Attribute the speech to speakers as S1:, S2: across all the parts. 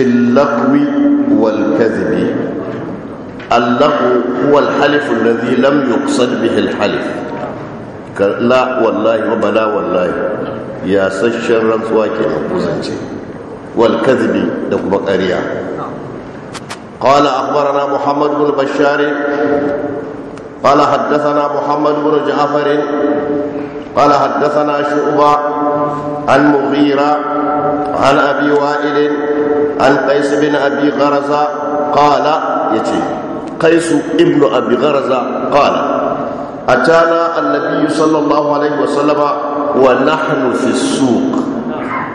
S1: fillakwi walkazibi allahu huwa alhalifu lazi lam yuqsad bihi alhalif la wallahi wa bala wallahi ya sashen rantsuwa ke kuzance والكذب لكم قريا قال أخبرنا محمد بن بشار قال حدثنا محمد بن جعفر قال حدثنا شعبة عن مغيرة عن أبي وائل an qais bin abi ƙala ya ce, qais ibnu abi gharaza qala atana annabi sallallahu alaihi wasallama wa nahnu fi suq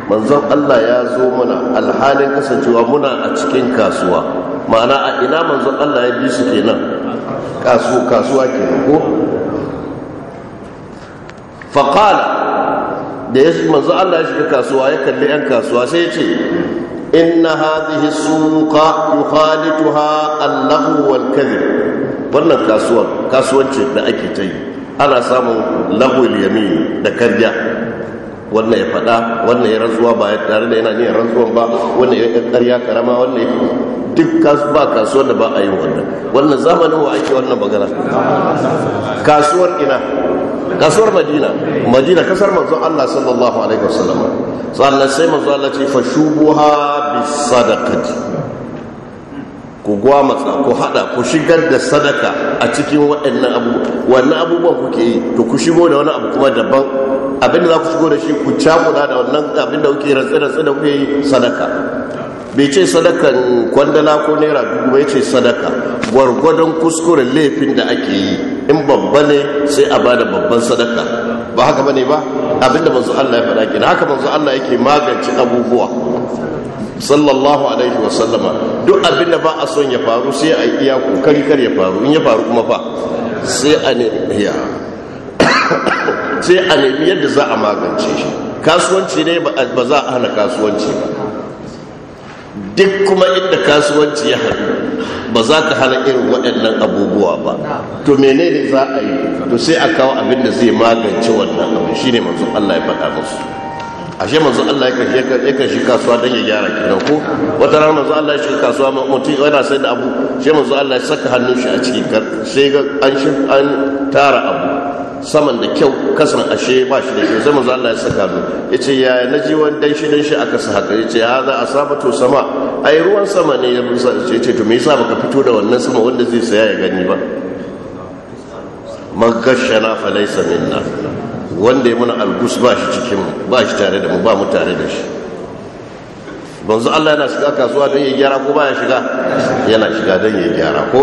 S1: manzon Allah ya zo mana alhalin kasancewa muna a cikin kasuwa ma'ana a ina manzon Allah ya bi su kenan kasuwa kasuwa kenan ko faqala da ya manzo Allah ya shiga kasuwa ya kalli yan kasuwa sai ya ce إن هذه السوق يخالطها اللغو والكذب wannan kasuwar kasuwancin da ake ta yi ana samun lagwal yamin da karya wannan ya faɗa wannan ya rantsuwa ba ya tare da yana niyan rantsuwan ba wannan ya ƙarya karama wannan ya duk ba kasuwar da ba a yi wannan wannan zamanin wa ake wannan magana kasuwar ina kasuwar madina madina kasar manzon Allah sallallahu alaihi wasallam sannan sai manzon Allah ce fashubuha bisadaqati ku gwamatsa ku hada ku shigar da sadaka a cikin waɗannan abubuwan, wannan abubuwan kuke yi to ku shigo da wani abu kuma daban abinda za ku shigo da shi ku cakuda da wannan abinda da kuke rantsar da da kuke yi sadaka bai ce sadakan kwandala ko naira dubu bai ce sadaka gwargwadon kuskuren laifin da ake yi in babba ne sai a bada babban sadaka ba haka bane ba abinda manzo Allah ya faɗa kenan haka manzo Allah yake magance abubuwa sallallahu alaihi wa sallama duk abin da ba a son ya faru sai a iya kokari kar ya faru in ya faru kuma fa sai a ya sai a ne yadda za a magance shi kasuwanci ne ba za a hana kasuwanci ba duk kuma inda kasuwanci ya haɗu ba za ka hana irin waɗannan abubuwa ba to menene za a yi to sai a kawo abin da zai magance wannan abin shine manzon Allah ya faɗa musu ashe manzo Allah yakan shi kasuwa don ya gyara kenan ko wata rana manzo Allah ya shi kasuwa mutum yana sai da abu shi manzo Allah ya saka hannun shi a cikin sai ga an shi an tara abu saman da kyau kasan ashe ba shi da kyau sai manzo Allah ya saka hannu yace ya naji wani dan shi dan shi aka sa haka yace ya za asabatu sama ai ruwan sama ne ya musa yace to me yasa baka fito da wannan sama wanda zai saya ya gani ba magashana falaisa minna wanda ya muna algus ba shi cikin ba shi tare da mu ba mu tare da shi banzu Allah yana shiga kasuwa don ya gyara ko ba ya shiga yana shiga don ya gyara ko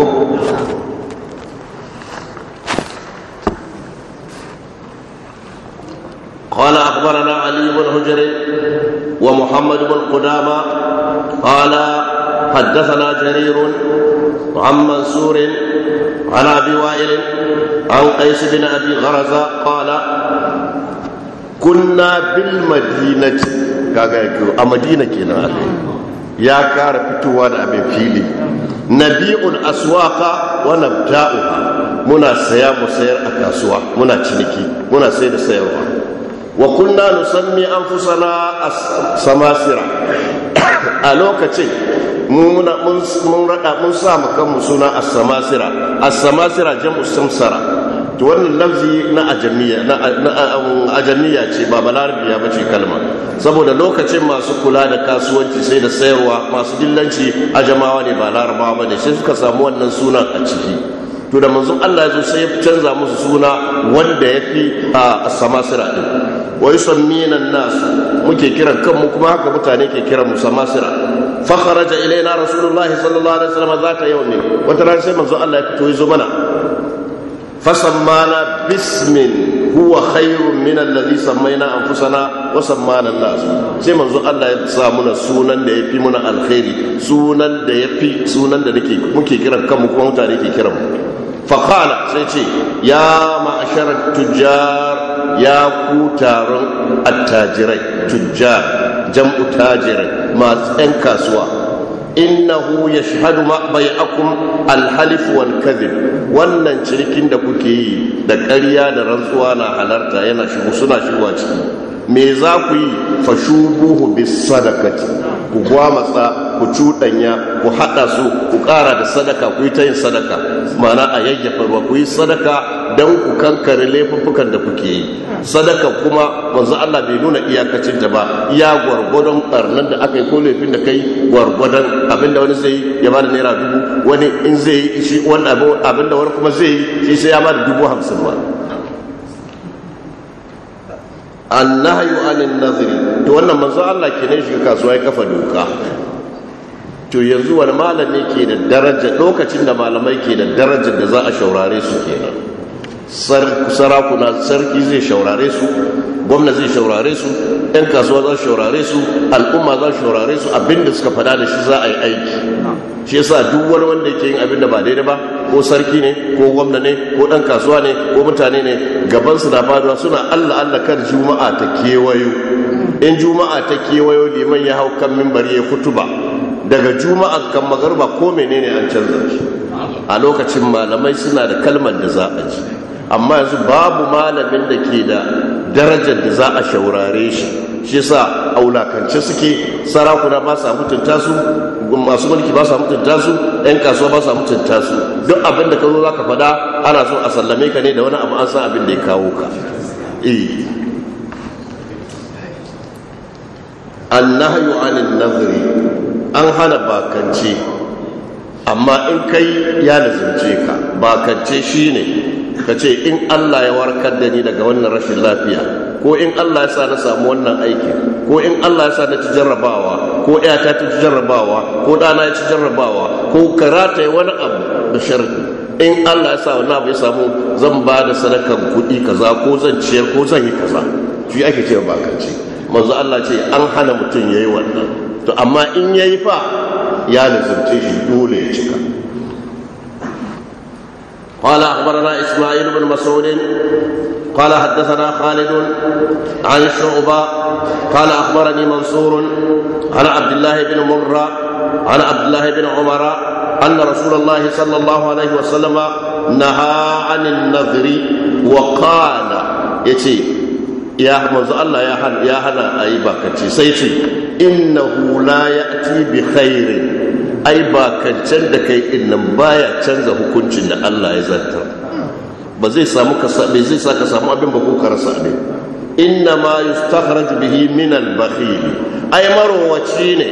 S1: قال أخبرنا علي بن حجر ومحمد بن قدامة قال حدثنا جرير عن منصور عن أبي وائل عن قيس بن أبي غرزة قال kunna bil madinati kaga yake a madina kenan ya kara fitowa da abin fili nabi'ul aswaqa wa nabta'uha muna saya mu sayar a kasuwa muna ciniki muna sai da sayarwa wa kunna nusammi anfusana samasira a lokacin mun raɗa mun sa mu kanmu suna as-samasira as-samasira jam'u samsara to wannan lafzi na ajamiya na um, ajamiya ce ba balarbiya ba ce kalma saboda lokacin masu kula da kasuwanci sai da sayarwa masu dillanci ajamawa ne ba larabawa ba ne sai suka samu wannan suna a ciki to da manzon Allah ya zo sai ya canza musu suna wanda ya fi a samasira din wai yusammina minan nas muke kiran kanmu kuma haka mutane ke kiran mu samasira فخرج إلينا رسول الله صلى الله wata وسلم ذات يوم وترى سيما الله يكتوي mana فسمانا باسم هو خير من الذي سمينا انفسنا وسمانا الناس sai manzo Allah ya sa muna sunan da yafi muna alkhairi sunan da yafi sunan da nake muke kiran kanmu kuma mutane ke kiran mu fa qala sai ce ya ma'asharat tujjar ya ku taron attajirai tujjar jam'u tajirai masu 'yan kasuwa innahu yashhadu ma bai'akum alhalif wal kadhib wannan cirkin da kuke yi da ƙarya da rantsuwa na halarta yana shigo suna a ciki me za ku yi fashubuhu bis sadaqati ku gwamatsa ku cuɗanya ku haɗa su ku ƙara da sadaka ku yi ta yin sadaka mana a yayyafa ruwa ku yi sadaka don ku kankare laifuffukan da kuke yi sadaka kuma manzo Allah bai nuna iyakacin ta ba ya gwargwadon barnan da aka yi ko laifin da kai gwargwadon abinda wani zai ya bada naira dubu wani in zai yi shi wani abinda wani kuma zai yi shi sai ya bada dubu hamsin ba annahyu anin naziri, to wannan manzo Allah ke kenan shiga kasuwa ya kafa doka to yanzu wani malami ke da daraja lokacin da malamai ke da darajar da za a shaurare su kenan sarakuna sarki zai shaurare su gwamna zai shaurare su 'yan kasuwa za su shaurare su al'umma za su shaurare su abinda suka fada da shi za a yi aiki shi yasa duk wani wanda yake yin abinda da ba daidai ba ko sarki ne ko gwamna ne ko ɗan kasuwa ne ko mutane ne gaban su na faduwa suna Allah Allah kar juma'a ta kewayo in juma'a ta kewayo liman ya hau kan mimbar ya kutuba daga juma'a kan magarba ko menene an canza shi a lokacin malamai suna da kalmar da za a ji amma yanzu babu malamin da ke da darajar da za a shaurare shi shi sa aulakance suke sarakuna ba sa mutunta su masu mulki ba sa mutunta su yan kasuwa ba sa mutunta su duk abin da ka zo za ka faɗa ana so a sallame ka ne da wani abu an san abin da ya kawo ka eh. annahayu anil nazari an hana bakance amma in kai ya lazimce ka bakance shine ka ce in Allah ya warkar da ni daga wannan rashin lafiya ko in Allah ya sa na samu wannan aiki ko in Allah ya sa na ci jarrabawa ko iyata ta ci jarrabawa ko ɗana ya ci jarrabawa ko karata wani abu da sharri in Allah ya sa wannan abu ya samu zan ba da sadakar kuɗi kaza ko zan ciyar ko zan yi kaza shi ake cewa ce manzo Allah ce an hana mutum yayi wannan to amma in yayi fa ya lazumce shi dole ya cika قال اخبرنا اسماعيل بن مسعود قال حدثنا خالد عن شعبة قال اخبرني منصور عن عبد الله بن مرة عن عبد الله بن عمر ان رسول الله صلى الله عليه وسلم نهى عن النذر وقال يتي يا منزو الله يا حنا يا حنا اي باكتي سيتي انه لا ياتي بخير ai ba kancan da kai in nan baya canza hukuncin da Allah ya zanta ba zai samu ka sabe zai sa samu abin ba ko ka rasa abin inna ma yustakhraj bihi min al-bakhil ai marwaci ne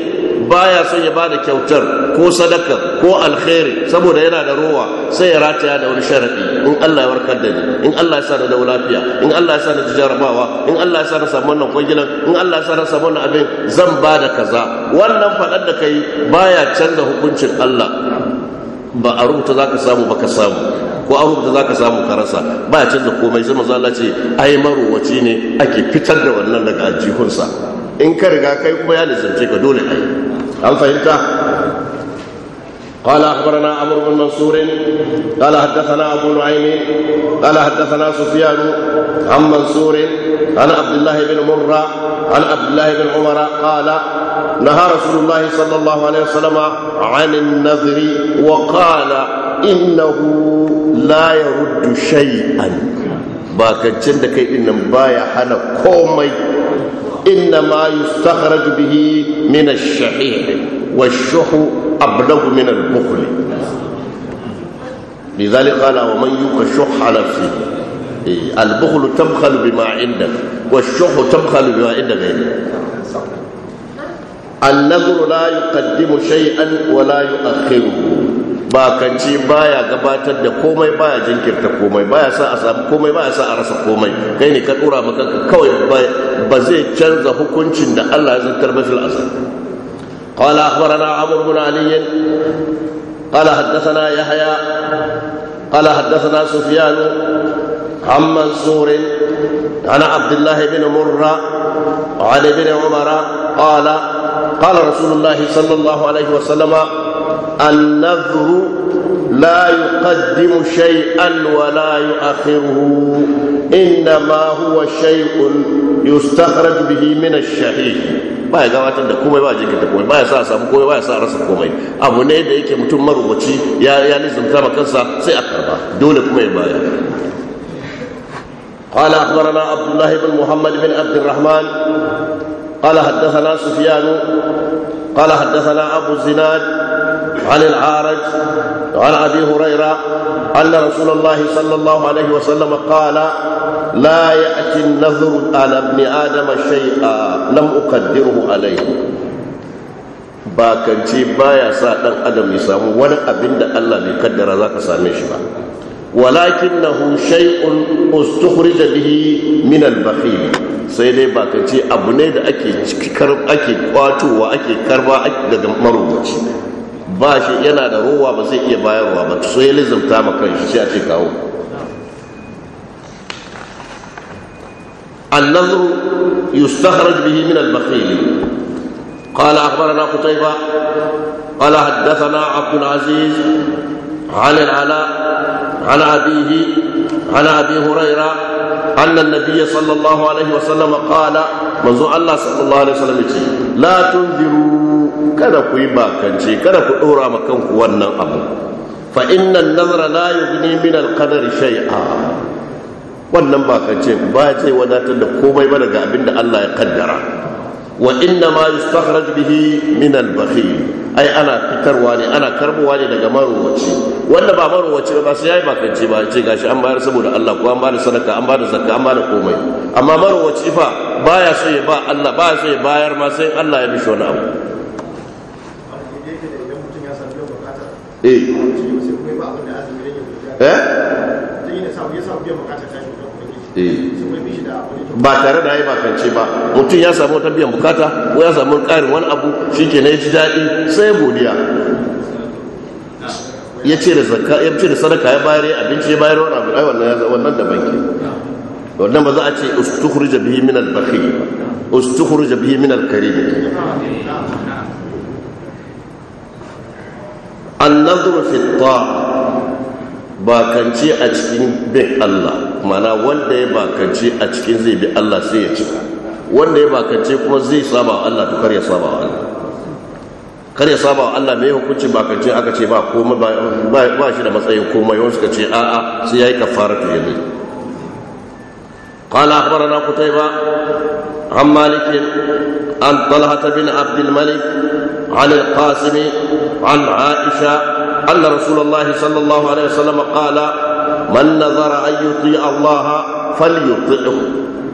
S1: baya son ya bada kyautar ko sadaka ko alkhairi saboda yana da rowa sai ya rataya da wani sharaɗi in Allah ya warkar da ni in Allah ya sa da lafiya in Allah ya sa da jarabawa in Allah ya sa da samu wannan kwangilan in Allah ya sa da samu wannan abin zan ba da kaza wannan fadar da kai baya canza hukuncin Allah ba a rubuta zaka samu ba ka samu ko an rubuta za ka samu ka rasa ba ya canza komai sai maza Allah ce ai marowaci ne ake fitar da wannan daga ajihunsa in ka riga kai kuma ya nisance ka dole ai an fahimta قال أخبرنا عمرو بن منصور قال حدثنا أبو نعيم قال حدثنا سفيان عن منصور عن عبد الله بن مرة عن عبد الله بن عمر قال نهى رسول الله صلى الله عليه وسلم عن النذر وقال إنه لا يرد شيئا باكتشن دكي إن بايا حنا كومي إنما يستخرج به من الشحيح والشح أبلغ من البخل لذلك قال ومن يوق الشح نفسه إيه، البخل تبخل بما عندك والشح تبخل بما عندك غيرك النذر لا يقدم شيئا ولا يؤخره ba kan ci baya gabatar da komai baya jinkirta komai baya sa a samu komai baya sa a rasa komai kai ne ka dora maka kawai ba zai canza hukuncin da Allah ya zartar mafi al'asar qala akhbarana amr bin ali qala haddathana yahya qala haddathana sufyan عن منصور عن عبد الله بن مرة وعلي بن عمر قال قال رسول الله صلى الله عليه وسلم النذر لا يقدم شيئا ولا يؤخره إنما هو شيء يستخرج به من الشهيد baya gabatar da komai ba jikin da komai baya sa samu komai baya sa rasa komai abu ne da yake mutum marubuci ya ya nizamta ma kansa sai a karba dole kuma ya baya قال اخبرنا عبد الله بن محمد بن عبد الرحمن قال حدثنا سفيان قال حدثنا أبو الزناد عن العارج عن أبي هريرة أن رسول الله صلى الله عليه وسلم قال لا يأتي النذر على ابن آدم شيئا لم أقدره عليه bakance baya sa dan adam ya samu wani abin da Allah bai kaddara zaka same shi ba ولكنه شيء استخرج به من البخيل sai dai ba ka ce abu ne da ake ake kwatowa ake karba daga marubuci ba shi yana da ruwa ba zai iya bayarwa ba sai lizimta ma kanshi sai a ce kawo النظر يستخرج به من البخيل قال أخبرنا قتيبة قال حدثنا عبد العزيز عن العلاء عن أبيه عن أبي هريرة أن النبي صلى الله عليه وسلم قال منذ الله صلى الله عليه وسلم لا تنذروا kada ku yi bakance kada ku ɗora ma kanku wannan abu fa innan nazara la yughni min al-qadari shay'a wannan bakance ba zai wadatar da komai ba daga abin da Allah ya kaddara wa inna ma yustakhraj bihi min al-bakhil ai ana fitarwa ne ana karbowa ne daga marowaci wanda ba marowaci ba sai yayi bakance ba ce gashi an bayar saboda Allah ko an bada sadaka an bada zakka an bada komai amma marowaci fa baya so ya ba Allah baya so ya bayar ma sai Allah ya bishi wani abu eh eh, eh? Eh. ba tare da ya bakance ba mutum ya samu wata biyan bukata ko ya samu ƙarin wani abu shi ke na ya ji daɗi sai godiya ya ce da zaka ya ce da sadaka ya bayar ya abinci ya bayar wani abu ya wannan wannan da banki wannan ba za a ce ustukhrija bihi min al-bakhil ustukhrija bihi min al-karim an-nadhru fi at Bakanci a cikin bin Allah mana wanda ya bakanci a cikin zai bi Allah sai ya ci, wanda ya bakanci kuma zai saba wa Allah to kar ya saba wa Allah kar ya saba wa Allah mai hukunci bakanci aka ce ba komai ba shi da matsayin komai wani suka ce a'a sai yayi kafara ta yabi قال أخبرنا قتيبة an مالك an طلحة بن عبد an al Qasimi, an Aisha. أن رسول الله صلى الله عليه وسلم قال من نظر أن يطيع الله فليطيعه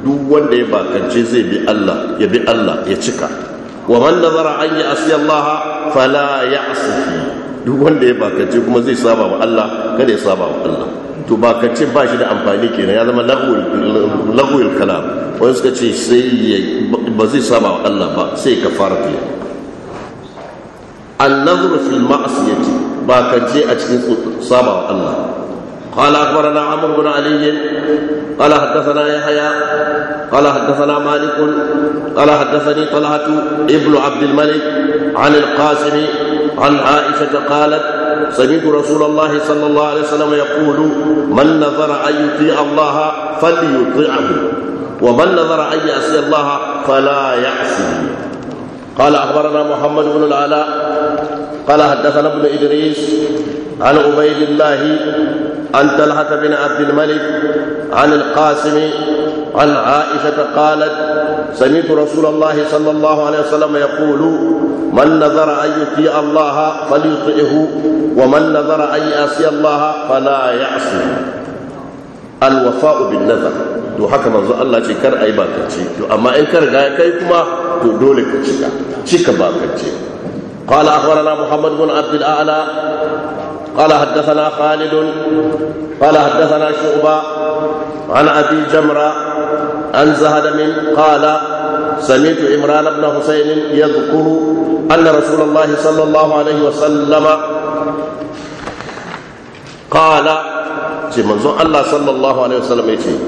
S1: duk wanda ya bakance zai bi Allah ya bi Allah ya cika wa man nazara an ya asi Allah la ya'sihi duk wanda ya bakance kuma zai saba wa Allah kada ya saba wa Allah to bakance ba shi da amfani kenan ya zama lagwil kalam wani suka ce sai ba zai saba wa Allah ba sai ka fara fiye an nazara fil ma'asiyati bakance a cikin saba wa Allah قال اخبرنا عمرو بن علي قال حدثنا يحيى قال حدثنا مالك قال حدثني طلحه ابن عبد الملك عن القاسم عن عائشه قالت سمعت رسول الله صلى الله عليه وسلم يقول من نظر ان يطيع الله فليطيعه ومن نظر ان يعصي الله فلا يعصيه قال اخبرنا محمد بن العلاء قال حدثنا ابن إدريس عن عبيد الله عن طلحة بن عبد الملك عن القاسم عن عائشة قالت سمعت رسول الله صلى الله عليه وسلم يقول من نذر أن يطيع الله فليطئه ومن نذر أن يعصي الله فلا يعصي الوفاء بالنذر to haka manzo Allah ce kar ai bakance to amma in ka riga kai kuma to dole ka cika cika bakance قال اخبرنا محمد بن عبد الاعلى قال حدثنا خالد قال حدثنا شعبة عن أبي جمرة عن زهد قال سمعت عمران بن حسين يذكر أن رسول الله صلى الله عليه وسلم قال منظور الله صلى الله عليه وسلم يتي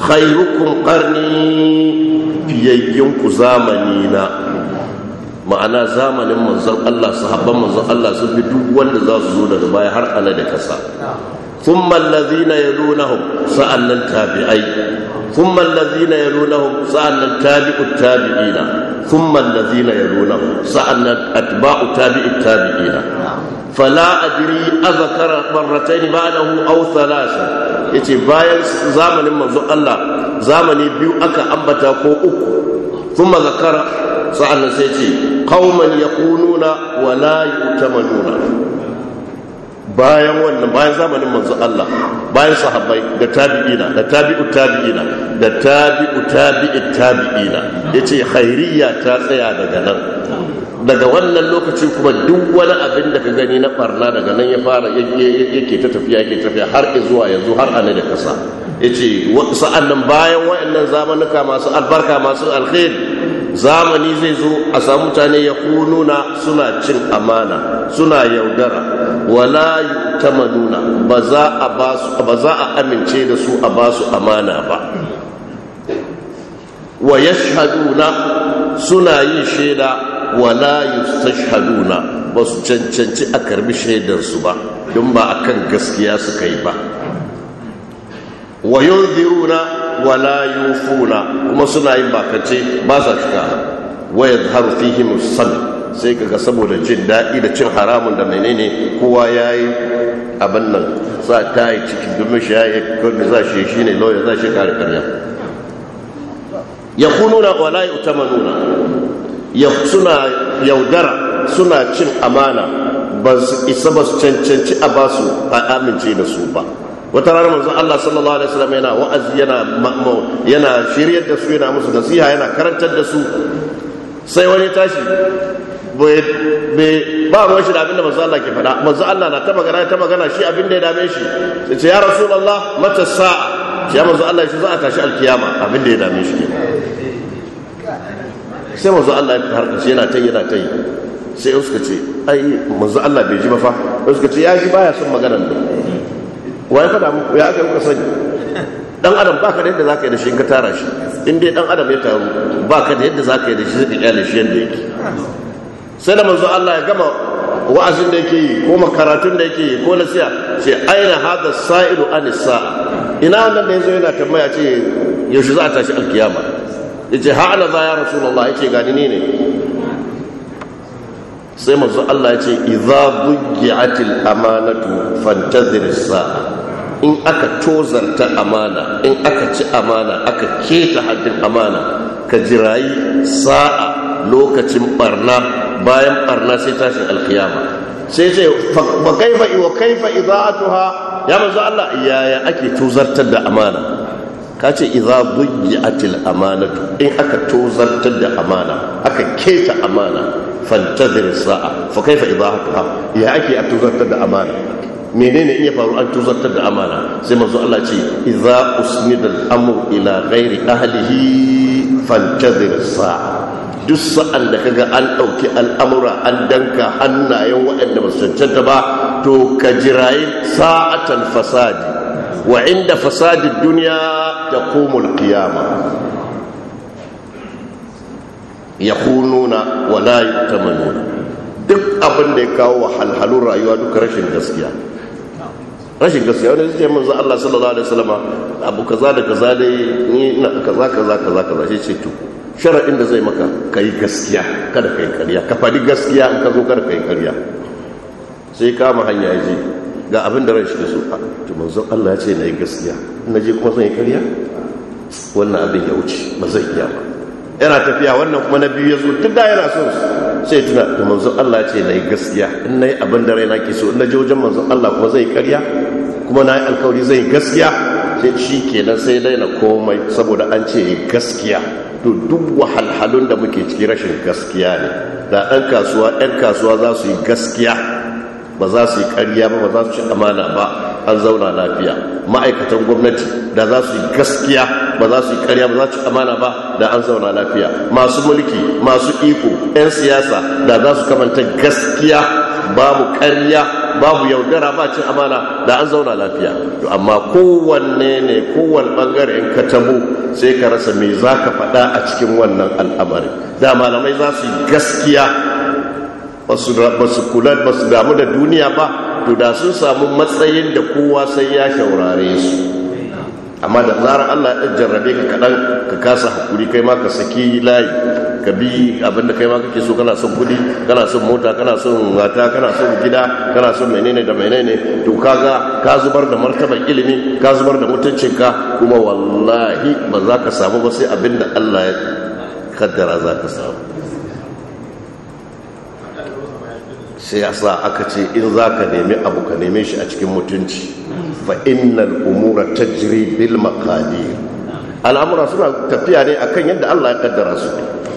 S1: خيركم قرني في يوم زمنينا ma'ana zamanin manzon Allah sahabban manzon Allah sun fi duk wanda za su zo daga baya har ana da kasa thumma allazina yalunahum sa'annan tabi'ai thumma allazina yalunahum sa'annan tabi'ut tabi'ina thumma allazina yalunahum sa'annan atba'u tabi'it tabi'ina فلا أدري أذكر مرتين بعده أو ثلاثة yace bayan zamanin manzo Allah zamani biyu aka ambata ko uku ثم ذكر سألنا سيتي قوما يقولون ولا يؤتمنون bayan wannan bayan zamanin manzo Allah bayan sahabbai da tabi'ina da tabi'u tabi'ina da tabi'u tabi'i tabi'ina yace khairiyya ta tsaya daga nan daga wannan lokacin kuma duk wani abin da ka gani na barna daga nan ya fara yake ta tafiya yake tafiya har zuwa yanzu har ana da kasa ya ce sa'an nan bayan wa'annan zamanuka masu albarka masu alkhair zamani zai zo a samu mutane ya kununa suna cin amana suna yaudara wala ta manuna ba za a amince da su a ba su amana ba wa na suna yin shaida wala yustashhaduna ba su cancanci a karbi shaidarsu ba don ba akan gaskiya suka yi ba wa yunziruna wala yufuna kuma suna yin bakace ba sa cika wa yadhharu fihim as sai kaga saboda jin daɗi da cin haramun da menene kowa yayi yi abin nan za ta yi cikin domin shi yayi za shi shine lawyer za shi kare ya kunu na kwalaye suna yaudara suna cin amana ba su isa ba su cancanci a ba su a amince da su ba wata ranar manzon Allah sallallahu alaihi wasallam yana wa'azi yana yana shiryar da su yana musu nasiha yana karantar da su sai wani tashi ba ruwan shi da abinda manzo Allah ke faɗa manzo Allah na ta magana ta magana shi abinda ya dame shi sai ce ya rasulullah mata sa'a ya manzo Allah shi za a tashi alkiyama abinda ya dame shi kenan sai manzo Allah ya harka shi yana ta yana ta sai suka ce ai manzo Allah bai ji ba fa suka ce ya ji baya son maganar da wa ya fada muku ya aka kuka sani dan adam ba ka da yadda zaka yi da shi in ka tara shi in dai dan adam ya taru ba ka da yadda zaka yi da shi zai kyale shi yadda yake sai da manzo Allah ya gama wa'azin da yake yi ko makaratun da yake yi ko nasiha sai aina hadha sa'ilu anisa ina wannan da yazo yana tambaya ce yaushe za a tashi alkiyama ya ce ha'ana za ya rasu Allah ya ce gani ne ne sai masu Allah ya ce iza bugi'atil amanatu fantazir sa'a in aka tozarta amana in aka ci amana aka keta haddin amana ka jirayi sa'a lokacin barna bayan barna sai tashin alkiyama sai ce fa kaifa wa kaifa idza'atuha ya manzo Allah yaya ake tuzartar da amana ka ce iza atil amanatu in aka tozartar da amana aka keta amana fantazir sa'a fa kaifa idahatuha ya ake a tozartar da amana menene in ya faru an tozartar da amana sai manzo Allah ce iza usnidal amru ila ghairi ahlihi fantazir sa'a duk sa'an da kaga an ɗauki al'amura an danka hannayen waɗanda ba su cancanta ba to ka jirayi sa'atan fasadi wa inda fasadin duniya ta komul kiyama ya kununa wa layi ta manuna duk abin da ya kawo wa halhalun rayuwa duka rashin gaskiya rashin gaskiya wani zai manzo Allah sallallahu alaihi wasallama abu kaza da kaza dai ni na kaza kaza kaza kaza shi ce tu shara'in da zai maka ka yi gaskiya kada ka yi karya ka faɗi gaskiya in ka zo kada ka yi karya sai kama hanya ya ga abin da ran shi su a manzon Allah ya ce na yi gaskiya na je kuma zan yi karya wannan abin ya wuce ba zai iya ba yana tafiya wannan kuma na biyu ya zo tun da yana son su sai tuna da manzon Allah ce na yi gaskiya in na yi abin da raina ke so in na je wajen manzon Allah kuma zai karya kuma na yi alkawari zai gaskiya sai shi kenan sai daina komai saboda an ce yi gaskiya to duk wahalhalun da muke ciki rashin gaskiya ne da ɗan kasuwa ɗan kasuwa za su yi gaskiya ba za su yi ƙarya ba ba za su ci amana ba an zauna lafiya ma'aikatan gwamnati da za su yi gaskiya ba za su yi ƙarya ba za su ci amana ba da an zauna lafiya masu mulki masu iko 'yan siyasa da za su kamanta gaskiya babu ƙarya babu yaudara ba cin amana da an zauna lafiya to amma kowanne ne kowanne bangare in ka tabo sai ka rasa me za ka faɗa a cikin wannan al'amari da malamai za su yi gaskiya ba su kula ba su damu da duniya ba to da sun samu matsayin da kowa sai ya shaurare su amma da zarar allah ya jarrabe ka kaɗan ka kasa hakuri kai ma ka saki layi ka bi abin da kai ma kake so kana son kuɗi kana son mota kana son mata kana son gida kana son menene da menene to kaga ka zubar da martaban ilimi ka zubar da mutuncin ka, kuma wallahi ba za ka samu ba sai abinda allah ya kaddara za ka samu sai ya sa aka ce in za ka nemi abu ka neme shi a cikin mutunci fa innal umura tajri bil maqadir al'amura suna tafiya ne akan yadda Allah ya kaddara su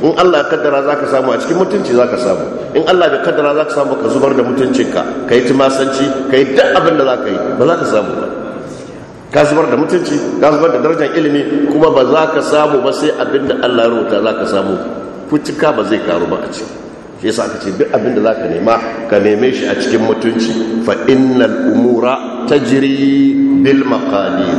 S1: in Allah ya kaddara za ka samu a cikin mutunci za ka samu in Allah bai kaddara za ka samu ka zubar da mutuncinka ka yi timasanci, ka yi duk abin da za ka yi ba za ka samu ba ka zubar da mutunci ka zubar da darajar ilimi kuma ba za ka samu ba sai abin da Allah ya rubuta za ka samu kutuka ba zai karu ba a cikin shi yasa aka ce duk abin da zaka nema ka neme shi a cikin mutunci fa innal umura tajri bil maqadir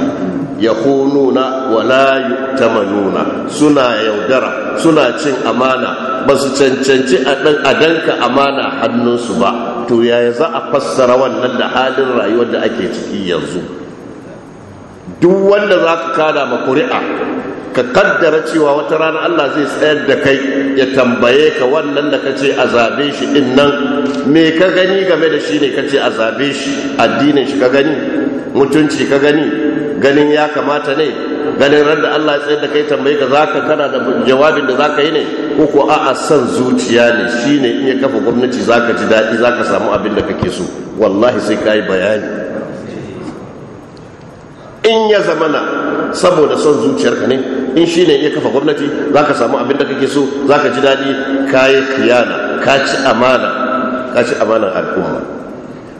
S1: yakhununa wa la yu'tamanuna suna yaudara suna cin amana ba su cancanci a dan adanka amana hannunsu ba to yaya za a fassara wannan da halin rayuwar da ake ciki yanzu duk wanda za ka kada ma kuri'a ka kaddara cewa wata rana Allah zai tsayar da kai ya tambaye ka wannan da kace a zabe shi din nan me ka gani game da shi ne kace a zabe shi addinin shi ka gani mutunci ka gani ganin ya kamata ne ganin ran Allah ya tsayar da kai tambaye ka zaka kana da jawabin da zaka yi ne ko a a'a san zuciya ne shine in ya kafa gwamnati zaka ji daɗi zaka samu abin da kake so wallahi sai kai bayani in ya zama na saboda son zuciyarka ne in shi ne iya kafa gwamnati za ka samu abin da kake so za ka ji daɗi ka yi kiyana ka ci amana ka ci amanar al'umma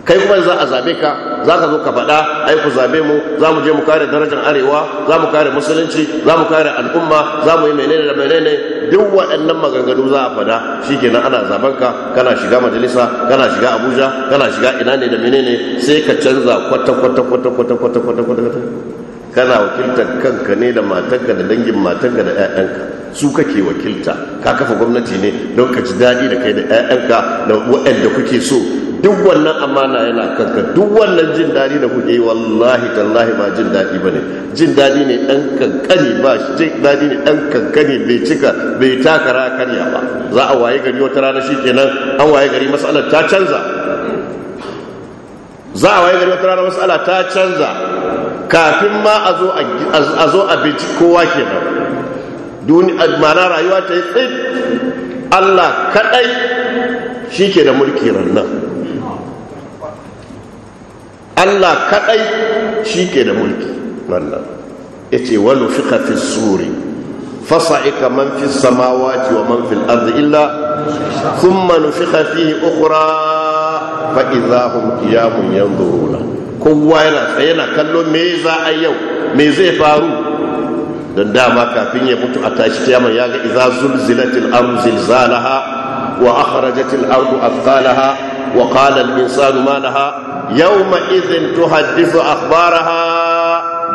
S1: kai kuma za a zabe ka za ka zo ka faɗa ai ku zabe mu za mu je mu kare darajar arewa za mu kare musulunci za mu kare al'umma za mu yi menene da menene duk waɗannan maganganu za a faɗa shikenan ana zaben ka kana shiga majalisa kana shiga abuja kana shiga ina ne da menene sai ka canza kwata kwata kwata kwata kwata kwata kwata kana wakiltar kanka ne da matanka da dangin matanka da 'ya'yanka su kake wakilta ka kafa gwamnati ne don ka ji daɗi da kai da 'ya'yanka da waɗanda kuke so duk wannan amana yana kanka duk wannan jin daɗi da kuke yi wallahi tallahi ba jin daɗi ba ne jin daɗi ne ɗan kankani ba jin daɗi ne ɗan kankani bai cika bai takara karya ba za a waye gari wata rana shi kenan an waye gari matsalar ta canza za a waye gari wata rana matsala ta canza kafin ma a zo a binciki kowa kenan mana rayuwa ta yi tsit allah kaɗai shi ke da mulki rannan Allah kadai shi ke da mulki wannan ya ce wani fika fi suri fasa'ika man fi samawati wa man fi sun manufika fi ukura fa'izahun kiyamun yanzu rula kowa yana tsaye na kallo me za a yau me zai faru don dama kafin ya mutu a tashi kiyama ya ga iza zulzilatil ardu zilzalaha wa akhrajatil ardu وقال الإنسان ما لها يومئذ تحدث أخبارها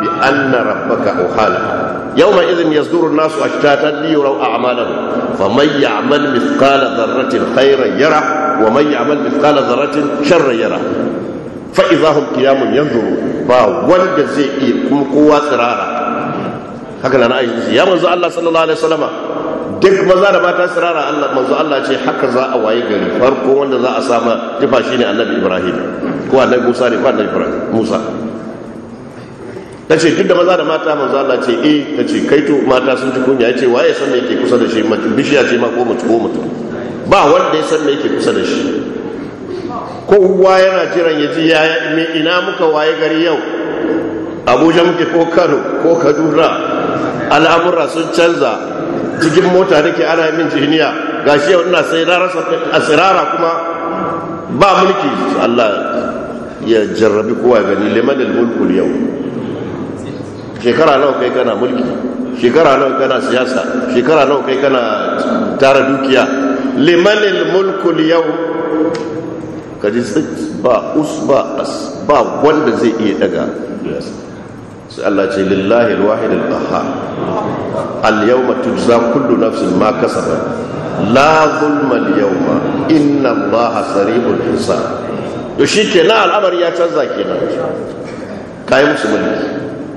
S1: بأن ربك أوحالها يومئذ يصدر الناس أشتاتا ليروا أعمالهم فمن يعمل مثقال ذرة خيرا يره ومن يعمل مثقال ذرة شرا يره فإذا هم قيام ينظرون فولد زي قوة ثرارة هكذا أنا أجلس يا منزل الله صلى الله عليه وسلم duk maza da mata sirara Allah manzo Allah ce haka za a waye gari farko wanda za a sama jifa shine annabi Ibrahim ko annabi Musa ne ko annabi Ibrahim Musa tace duk da maza da mata manzo Allah ce eh tace kai to mata sun ci kunya yace waye san me yake kusa da shi mutum bishiya ce ma ko mutum ko mutum ba wanda ya san me yake kusa da shi kowa yana jiran ya ji yaya ina muka waye gari yau abuja muke ko kano ko kaduna al'amura sun canza cikin mota nake ana min ga shi yau ina sai rarasa asirara kuma ba mulki Allah ya jarrabi kowa gani liman al-mulku yau shekara nawa kai kana mulki shekara nawa kana siyasa shekara nawa kai kana tara dukiya liman al-mulku yau kaji ba us ba as ba wanda zai iya daga yes. Allah ce lillahi alwahid alqahhar al-yawma tujza kullu nafsin ma kasabat la zulma al-yawma inna Allaha sarihul hisab to shikenan al'amari ya canza kenan kai musu mulki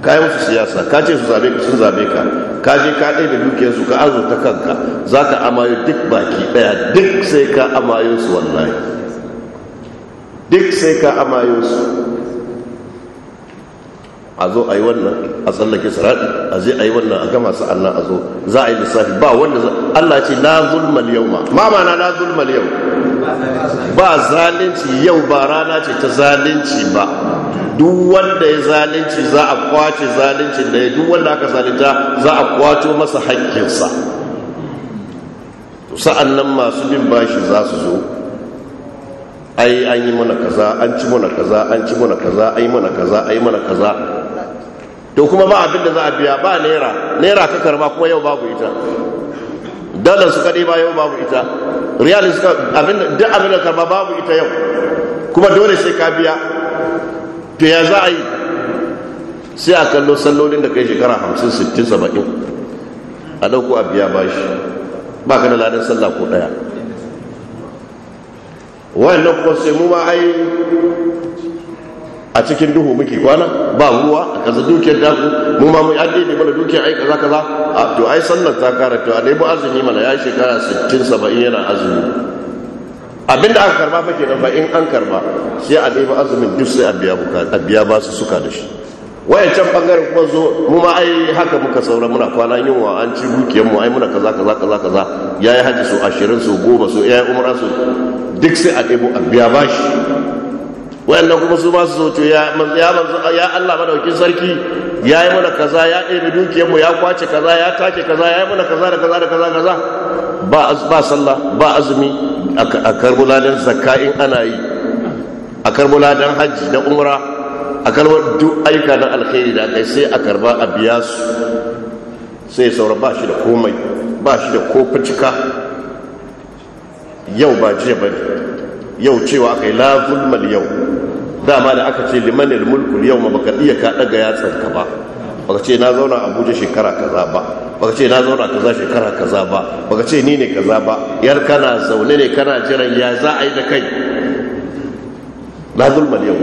S1: kai musu siyasa ka ce su zabe sun zabe ka ka je ka ɗaya da dukiyar su ka arzuta kanka zaka amayo duk baki daya duk sai ka amayo su wallahi duk sai ka amayo su a zo a yi wannan a tsallake sarari, a je a yi wannan a gama nan a zo za a yi lissafi ba wanda Allah ce na zulmal yau ma mana na zulmal yau ba zalunci yau ba rana ce ta zalunci ba duk wanda ya zalunci za a kwace zaluncin da ya duk wanda aka zalunta za a kwato masa haƙƙinsa sa'an nan masu bin bashi za su zo ai an yi mana kaza an ci mana kaza an ci mana kaza ai mana kaza ai mana kaza to kuma ba abin da za a biya ba naira naira ka karba kuma yau babu ita dalar su kaɗai ba yau babu ita riyal su duk abin da karba babu ita yau kuma dole sai ka biya to ya za a yi sai a kallo sallolin da kai shekara hamsin sittin 70 a dauko a biya bashi ba ka da ladan sallah ko ɗaya wannan kuma sai mu ma ai a cikin duhu muke kwana ba ruwa a kasa dukiyar daku mu ma mu yadda ne mana dukiyar ai kaza kaza a to ai sallar ta kara to a nemo azumi mana ya shekara 60 70 yana azumi abinda aka karba fa kenan ba in an karba sai a nemo azumin duk sai bukata a biya ba su suka da shi can bangare kuma zo mu ma ai haka muka saura muna kwana yunwa an ci dukiyar mu ai muna kaza kaza kaza kaza yayi haji su 20 su 10 su yayi umra su duk sai a debo a biya bashi wayannan kuma su ba su zo to ya ya manzo ya Allah madaukin sarki yayi muna kaza ya ɗebe dukiyar mu ya kwace kaza ya take kaza yayi muna kaza da kaza da kaza kaza ba ba sallah ba azumi a karbuladan zakka in ana yi a karbuladan haji da umra a kalwar duk aika na alkhairi da kai sai a karba a biya su sai saura ba shi da komai ba shi da kofacika yau ba jiya ba yau cewa aka yi lafulmal yau dama da aka ce limanin mulkul yau ma baka iya ka daga yatsanka ba baka ce na zauna abuja shekara kaza ba baka ce na zauna kaza shekara kaza ba baka ce ni ne kaza ba yar kana zaune ne kana jiran ya za a yi da kai la zulmal yau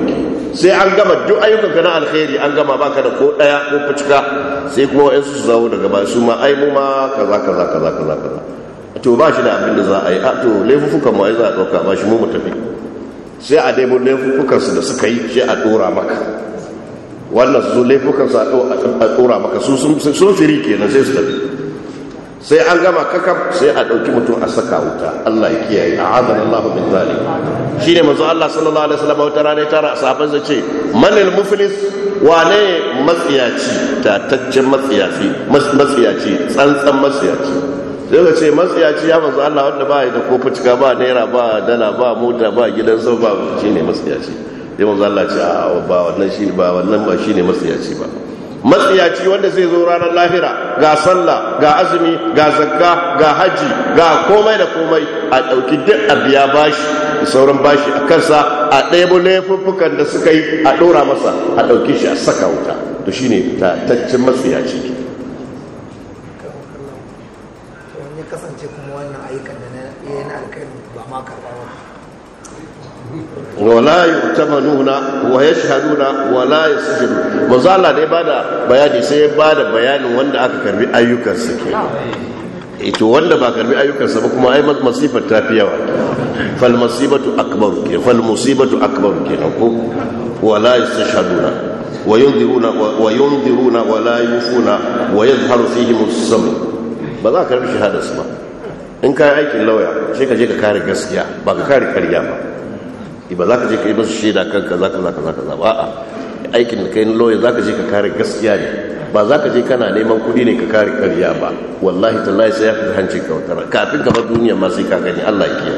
S1: sai an gama duk ayyukan ka na alkhairi an gama baka da ko daya ko fuska sai kuma wa'in su zawo daga ba su ma ai mu ma kaza kaza kaza kaza kaza to ba shi da abin da za a yi a to laifukan mu ai za a dauka ba shi mu mu tafi sai a nemo laifukan su da suka yi sai a dora maka wannan su laifukan su a dora maka sun firi kenan sai su tafi sai an gama kakam sai a ɗauki mutum a saka wuta Allah ya kiyaye a azan Allah min zali shi ne mazu Allah sallallahu alaihi wasallam wata rana ya tara sahabban zace manil muflis wane matsiyaci tataccen matsiyaci matsiyaci tsantsan matsiyaci sai ka ce matsiyaci ya mazu Allah wanda ba ya da ko cika ba naira ba dala ba mota ba gidan sau ba ne matsiyaci sai manzo Allah ce ba wannan shi ba wannan ba matsiyaci ba matsiyaci wanda zai zo ranar lahira ga sallah ga azumi ga zakka ga haji ga komai da komai a ɗauki duk abiya bashi da sauran bashi a kansa a ɗaya laifuffukan da suka yi a ɗora masa a ɗauki shi a saka wuta to shine tataccen matsiyaci wala yu'tamanuna wa yashhaduna wala yasjudu manzo Allah da bada bayani sai bada bayanin wanda aka karbi ayyukansa ke ito wanda ba karbi sa ba kuma ai masifar ta fi yawa fal masibatu akbar ke fal musibatu akbar ke ko wala yashhaduna wa yunziruna wa yunziruna wala yufuna wa yadhharu fihi musam ba za ka karbi su ba in ka aikin lauya sai ka je ka kare gaskiya ba ka kare karya ba ba za ka je ka yi masu shaida kan ka kaza za ka ba a aikin da kai na lawyer za ka je ka kare gaskiya ne ba za ka je kana neman kuɗi ne ka kare karya ba wallahi tallahi sai ya fi hancin ka wata kafin ka bar duniya ma sai ka gani Allah ya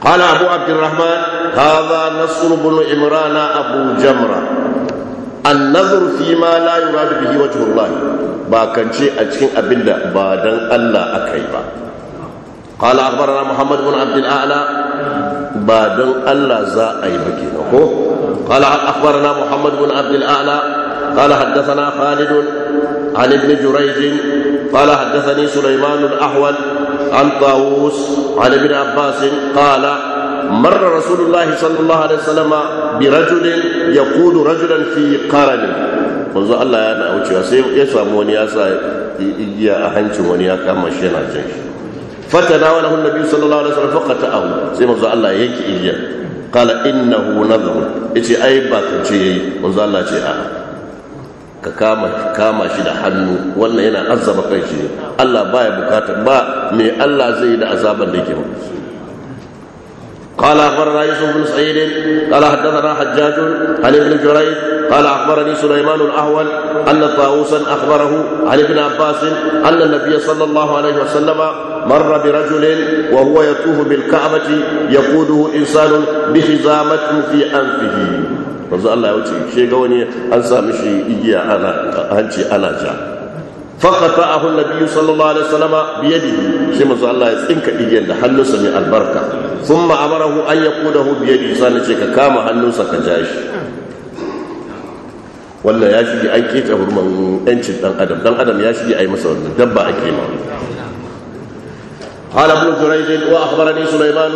S1: قال أبو عبد الرحمن هذا نصر بن عمران أبو جمرة النظر فيما لا يراد به وجه الله باكنشي أجين أبدا بادن الله أكيبا قال أخبرنا محمد بن عبد الأعلى ba don Allah za a yi ba kenan ko muhammad ibn abd al-a'la qala haddathana khalid an ibn jurayj marra rasulullah sallallahu alaihi wasallam bi rajul yaqul rajulan fi qarab manzo Allah ya sai ya samu wani ya a hancin wani ya yana jin fatanawala hun nabi sallallahu alaihi wasallam faqata au sai manzo Allah yake iriya qala innahu nadhr yace ai ba ka ce manzo Allah ce a ka kama shi da hannu wannan yana azaba kai shi Allah baya bukata ba me Allah zai yi da azaban da yake ba قال اخبرنا يوسف بن سعيد قال حدثنا حجاج عن ابن جريج قال اخبرني مر برجل وهو يتوه بالكعبة يقوده إنسان بحزامة في أنفه رضا Allah ya wuce shi أنسى wani an أنا هنشي igiya ana hanci ana صلى الله عليه وسلم بيده شيء wasallam bi yadihi shi manzo Allah ya tsinka igiyar da hannunsa mai albarka thumma amarahu an yaqudahu kama ka wannan ya shige an keta hurman yancin ɗan adam Ɗan adam ya shige a yi masa wannan dabba ake ma قال ابن جريج واخبرني سليمان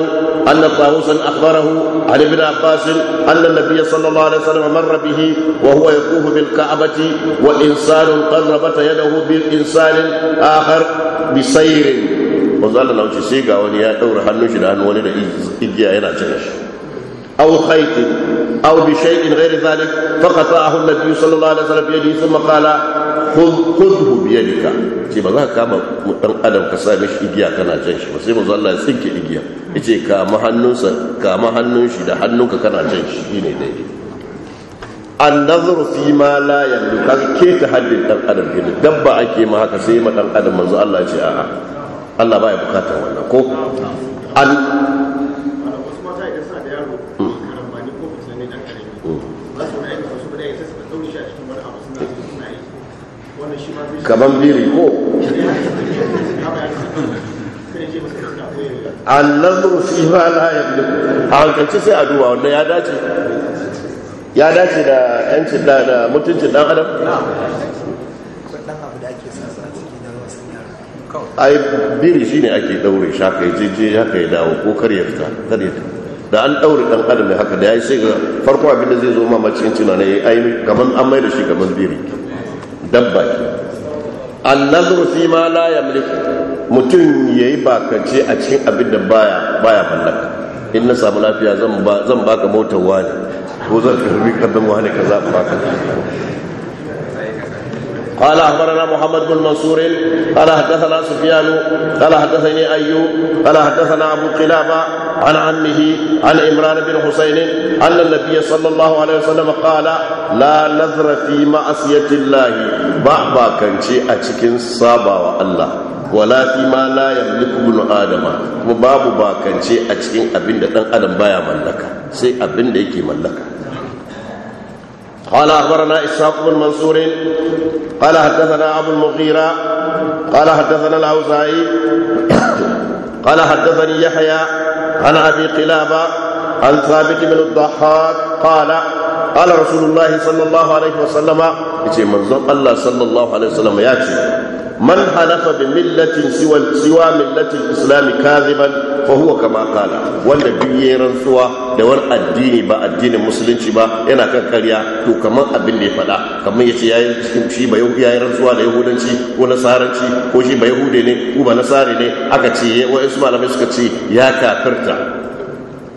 S1: ان طاووسا اخبره عن ابن عباس ان النبي صلى الله عليه وسلم مر به وهو يطوف بالكعبه وانسان قد ربط يده بانسان اخر بسير وزال لو تسيقا وني يا دور حنوش لان ولد اجيا هنا تنش أو خيط أو بشيء غير ذلك فقطعه النبي صلى الله عليه وسلم بيده ثم قال خذ خذه بيدك ce ba za ka kama dan adam ka same shi igiya kana jan shi ba sai manzo Allah ya tsinke igiya yace kama hannunsa kama hannun shi da hannunka kana jan shi shine daidai an nazar fi ma la yanzu ka ta haddin dan adam ne dabba ake ma haka sai ma dan adam manzo Allah ce a'a Allah baya wannan ko kaman biri ko annan rufi ma la ya a hankalci sai a duba wannan ya dace ya dace da yancin da da mutuncin dan adam ai biri shine ake daure shaka jeje haka ya dawo ko karyarta. ta da an daure dan adam ne haka da yi sai farko abin da zai zo mamacin cina ne ai kaman an mai da shi gaban biri dabba annazur fi ma la yamliku mutum yayi bakance a cikin abin da baya baya mallaka in na samu lafiya zan baka motar wani ko zan karbi kadan wani kaza baka قال اخبرنا محمد بن منصور قال حدثنا سفيان قال حدثني ايوب قال حدثنا ابو قلابه عن عمه عن عمران بن حسين ان النبي صلى الله عليه وسلم قال لا نذر في معصيه الله بابا كنشي اتشكن صابا الله wala fi ma la yamliku ibn adama kuma babu bakance a cikin abin da dan adam baya mallaka sai abin da yake mallaka قال اخبرنا اسحاق بن منصور قال حدثنا أبو المغيرة قال حدثنا الأوزاعي قال حدثني يحيى عن أبي قلابة عن ثابت بن الضحاك قال قال رسول الله صلى الله عليه وسلم يتي منظر الله صلى الله عليه وسلم ياتي من حلف بملة سوى سوى ملة الإسلام كاذبا فهو كما قال wanda duk ya rantsuwa da wani addini ba addinin musulunci ba yana kan karya to kamar abin da ya faɗa kamar yace yayi cikin shi ba yayi rantsuwa da yahudanci ko nasaranci ko shi ba yahude ne ko ba nasare ne aka ce wa'ansu malamai suka ce ya kafirta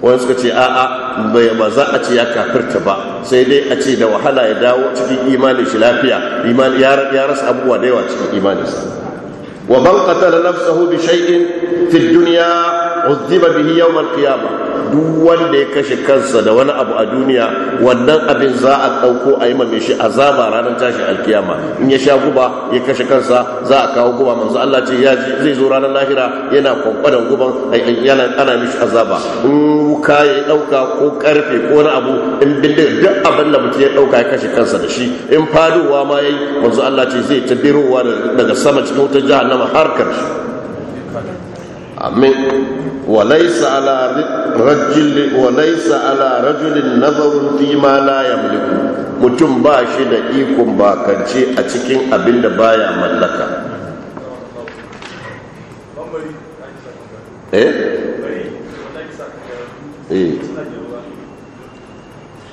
S1: Wani suka ce a'a ba za a ce ya kafirta ba sai dai a ce da wahala ya dawo cikin imanin shi lafiya ya rasa abubuwa da yawa cikin imaninsa wa ban qatala nafsahu bi shay'in fi dunya uzziba bihi yawm al-qiyamah duk wanda ya kashe kansa da wani abu a duniya wannan abin za a ɗauko a yi mame shi azaba ranar tashi alkiyama in ya sha guba ya kashe kansa za a kawo guba manzo Allah ce ya zai zo ranar lahira yana kwankwadan guban yana ana mishi azaba in wuka ya ɗauka ko karfe ko wani abu in bindin duk abin da mutum ya ɗauka ya kashe kansa da shi in faduwa ma yayi manzo Allah ce zai ta daga sama cikin wutar jahannama har karshe walaisa ala على رجل وليس على رجل نظر mutum ba shi da ikon bakance a cikin abin da baya mallaka eh eh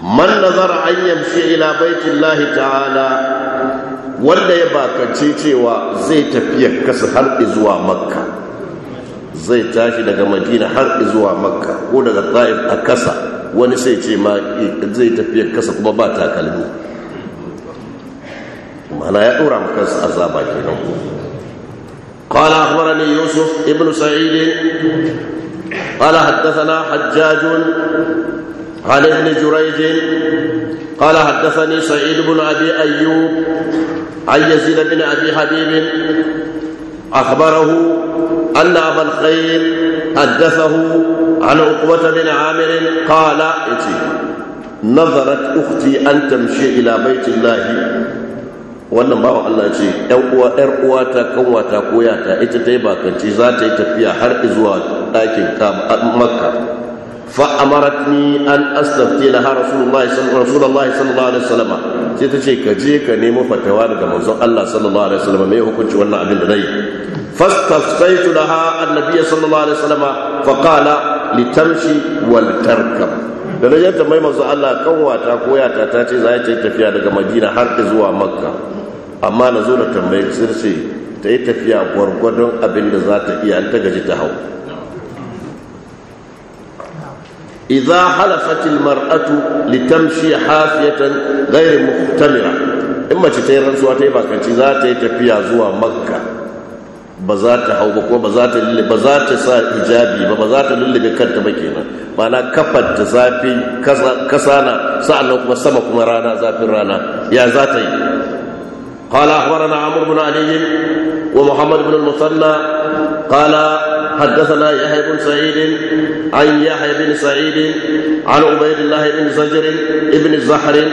S1: man nazara an yamshi ila baitillahi ta'ala wanda ya bakance cewa zai tafiya kasa har zuwa makka zai tashi daga madina har zuwa makka ko daga ta'if a kasa wani sai ce ma zai tafiya kasa kuma ba takalmi mana ya ɗora ma kansa azaba kenan قال أخبرني يوسف ابن سعيد قال حدثنا حجاج عن ابن جريج قال حدثني سعيد بن أبي أيوب عن يزيد بن أبي حبيب أخبره أن أبا الخير حدثه عن عقبة بن عامر قال إتي نظرت أختي أن تمشي إلى بيت الله wannan bawan Allah ce ‘yan uwa uwa ta kanwa ta koya ta ita ta yi bakanci za ta yi tafiya har zuwa ɗakin makka fa'amaratni an astaftinaha rasulullahi sallallahu alaihi wasallam sai ta ce ka je ka nemo fatawa daga manzon Allah sallallahu alaihi wasallam mai hukunci wannan abin da nayi fastaftaitu laha annabiyya sallallahu alaihi wasallam fa qala litamshi wal tarkab da na yadda mai manzon Allah kanwata ko yata ta ce za a ta tafiya daga Madina har zuwa Makka amma na zo da tambaye sai ta yi tafiya gwargwadon abin da za ta iya an ta gaji ta hau إذا حلفت المرأة لتمشي حافية غير مختمرة إما تتير سوى تيبا كتزات تبيا زوى مكة بزات أو بكو بزات بزات سا إجابي بزات للي بكرت بكينا معنى كفت زافي كسانا سألنا كما سما كما زافي رانا يا ذاتي قال أخبرنا عمر بن علي ومحمد بن المثنى قال حدثنا يحيى بن سعيد عن يحيى بن سعيد عن عبيد الله بن زجر بن زحر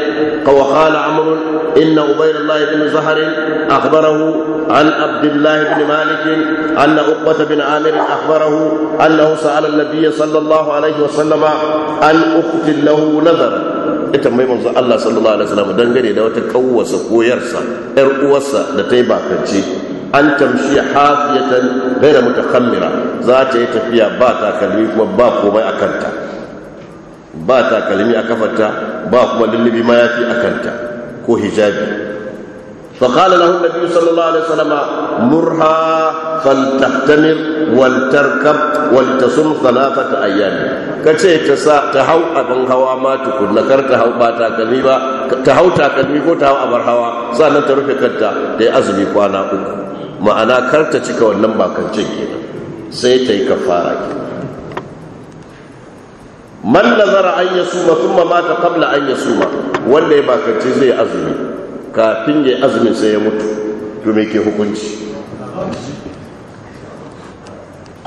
S1: وقال عمرو ان عبيد الله بن زحر اخبره عن عبد الله بن مالك ان عقبه بن عامر اخبره انه سال النبي صلى الله عليه وسلم عن اخت له نذر ya tambayi manzo Allah sallallahu alaihi wasallam dangane da wata kawwasa koyarsa yar uwarsa da ta yi bakance an tamshi hafiyatan gaira mutakammira za ta yi tafiya ba takalmi kuma ba komai a kanta ba takalmi a kafarta ba kuma lullubi ma ya fi a kanta ko hijabi faƙala na hulɗa biyu sallallahu alaihi salama murha faltaftamir waltarkab waltasun salata ta ayyami ka ce ta sa ta hau abin hawa ma tukuna, kar ta hau ba takalmi ba ta hau takalmi ko ta hau abar hawa sa nan ta rufe kanta da ya azumi kwana uku ma'ana kar ta cika wannan bakancin kenan sai ta yi kafara ke man nazara an yi suma ma mata kabla an yi suma wanda ya bakanci zai azumi kafin ya azumin sai ya mutu to mai ke hukunci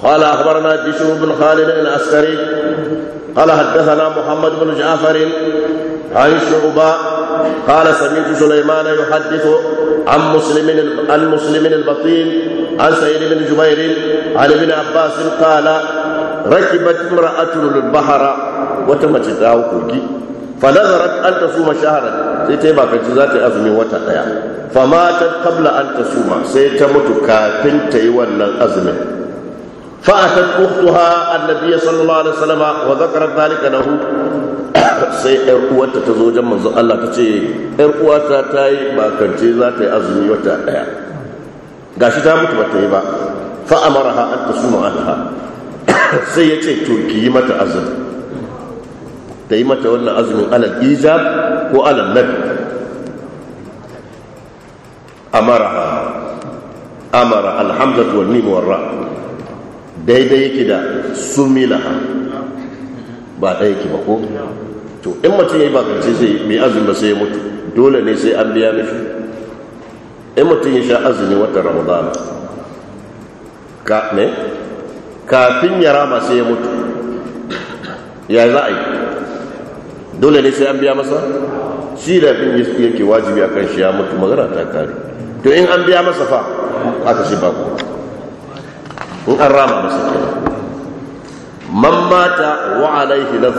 S1: قال أخبرنا بشر بن خالد العسكري قال حدثنا محمد بن جعفر عن شعبة قال سمعت سليمان يحدث عن مسلم المسلم البطيل عن سعيد بن جبير عن ابن عباس قال ركبت امرأة للبحر وتمت تاوكوكي فنظرت أن تصوم شهرا sai ta yi bakanci za ta yi azumi wata ɗaya fama ta kabla an ta suma sai ta mutu kafin ta yi wannan azumin فأتت أختها النبي صلى الله عليه وسلم وذكرت ذلك له sai yar uwarta ta zo jan manzon Allah ta ce yar uwata ta yi bakance za ta yi azumi wata daya gashi ta mutu ba ta yi ba fa ha an tasuma anha sai ya ce to ki yi mata azumi ta yi mata wannan azumin alal ijab ko alal nabi amaraha amara alhamdatu wal mim wal ra daidai yake da sumilaha ba ɗaya yake ba ko to in mutum ya yi bakance sai mai azumi sai ya mutu dole ne sai an biya mishi in mutum ya sha azumi wata ramadana ka ne kafin ya rama sai ya mutu ya za a yi dole ne sai an biya masa shi da fin yake wajibi a kan shi ya mutu magana ta kare to in an biya masa fa aka shi ba ku in wa'alaihi rama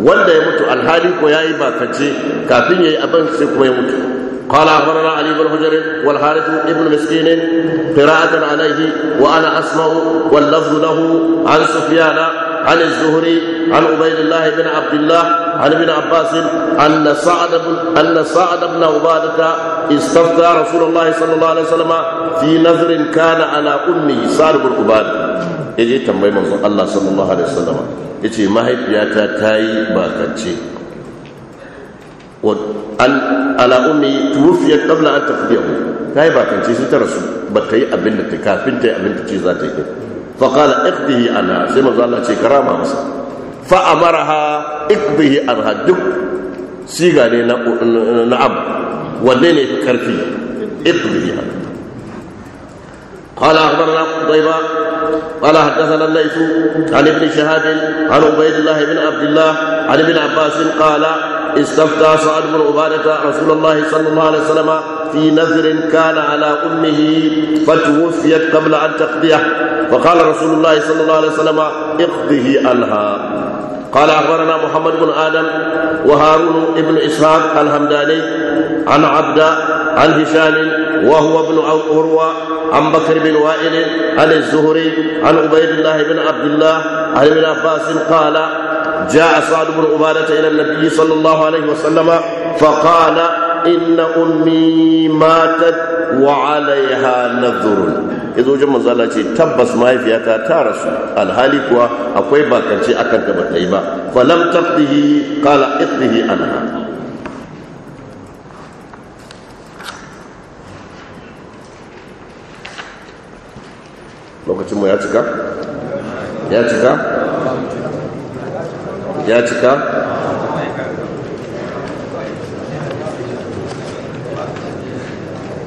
S1: wanda ya mutu alhali ko yayi ba kace kafin yayi aban sai kuma ya mutu qala barra ali bin hujr wal harith ibn alaihi Wa'an asma'u wal lafzu lahu an sufyana عن الزهري عن عبيد الله بن عبد الله عن ابن عباس أن سعد بن أن سعد بن عبادة استفتى رسول الله صلى الله عليه وسلم في نذر كان على أمه سعد بن عبادة يجي تنبي من الله صلى الله عليه وسلم يجي ما هي بياتا تاي باكتشي على أمي توفيت قبل أن تفديه تاي باكتشي سترسل بتاي أبنتي كافنتي أبنتي ذاتي فقال اقضه عنها زي ما قال الله كرامه مثلا فامرها اقضه عنها دك سيغاني نعم ودين كرفي اقضه عنها قال اخبرنا طيبه قال حدثنا الليث عن ابن شهاب عن عبيد الله بن عبد الله عن ابن عباس قال استفتى سعد بن عبادة رسول الله صلى الله عليه وسلم في نذر كان على أمه فتوفيت قبل أن تقضيه فقال رسول الله صلى الله عليه وسلم اقضه عنها قال أخبرنا محمد بن آدم وهارون بن إسحاق الهمداني عن عبد عن هشام وهو ابن عروة عن بكر بن وائل عن الزهري عن عبيد الله بن عبد الله عن ابن عباس قال جاء سعد بن عبادة إلى النبي صلى الله عليه وسلم فقال إن أمي ماتت وعليها نذر ya zo jin manzala ce tabbas mahaifiyata ta rasu alhali kuwa akwai bakance akan ta bata yi ba falam tafdihi qala itdihi anha lokacin mu ya cika ya cika ya cika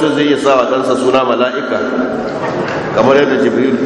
S1: mutum zai iya sawa ɗansa suna mala'ika kamar yadda jibril